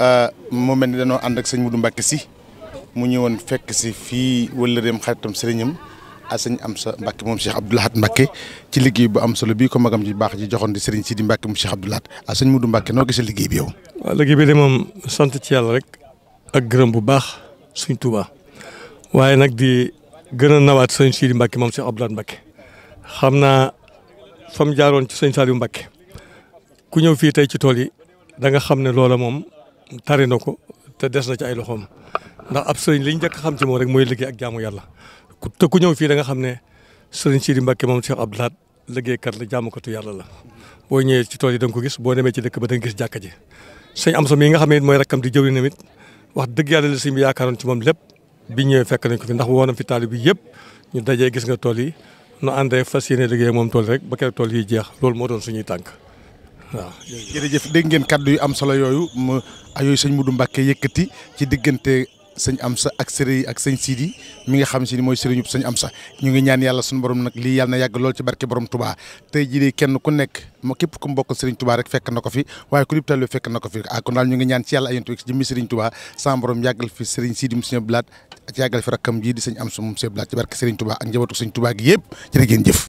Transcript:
Euh, mu mel ni dañoo ànd ak sëñ Mudu Mbàkke si mu ñëwoon fekk si fii wala réem xaritam sëriñam a sëñ Amsa Mbàkke moom Cheikh Abdou Lahad Mbàkke ci liggéey bu am solo bii ko magam ji baax ji joxoon di sëriñ Sidi Mbàkke moom Cheikh Abdou Lahad ah sëñ Mudu Mbàkke noo gisee liggéey bi yow. waaw liggéey bi de moom sant ci yàlla rek ak gërëm bu baax sëñ Tuubaa waaye nag di gën a nawaat sëñ Sidi Mbàkke moom Cheikh Abdou Lahad Mbàkke xam naa fa mu jaaroon ci sëñ Saliou Mbàkke ku ñëw fii tey ci tool yi da nga xam ne loola moom tari na ko te des na ci ay loxoom ndax ab sëriñ li ñu njëkk xam ci moom rek mooy liggéey ak jaamu yàlla te ku ñëw fii da nga xam ne sëriñ Sidi Mbacke moom Cheikh Abdou Lahad liggéeykat la jaamukatu yàlla la boo ñëwee ci tool yi da ko gis boo demee ci dëkk ba da nga gis jàkka ji sëñ am sa mi nga xam ne it mooy rakkam di jëwriñ tamit wax dëgg yàlla li sëñ bi yaakaaroon ci moom lépp bi ñëwee fekk nañ ko fi ndax woonam fi taalib yi yëpp ñu dajee gis nga tool yi nu àndee fas yéene liggéey moom tool rek ba keroog tool yi jeex loolu moo doon suñuy tànk waaw jërëjëf dégg ngeen kàddu yu am solo yooyu ma ah, yooyu sëñ Modou Mbacke yëkkati ci diggante sëñ Amsa ak sëriñ ak sëñ Sidi mi nga xam si ni mooy sëriñub Amsa ñu ngi ñaan yàlla sun borom nag lii yàlla na yàgg lool ci barke borom Touba tey jii de kenn ku nekk ma képp ku Touba rek fek na ko fi waaye ku dib tallu fekk na ko fi ah kon daal ñu ngi ñaan ci yàlla ayantu jëmmi Touba sa borom yàggal fi sëriñ Sidi mu sëñ Blaat ci yàggal fi rakkam jii di sëñ Amsa moom sëñ Blaat ci barke sëriñ Touba ak njabootu sëñ Touba gi yëpp jërë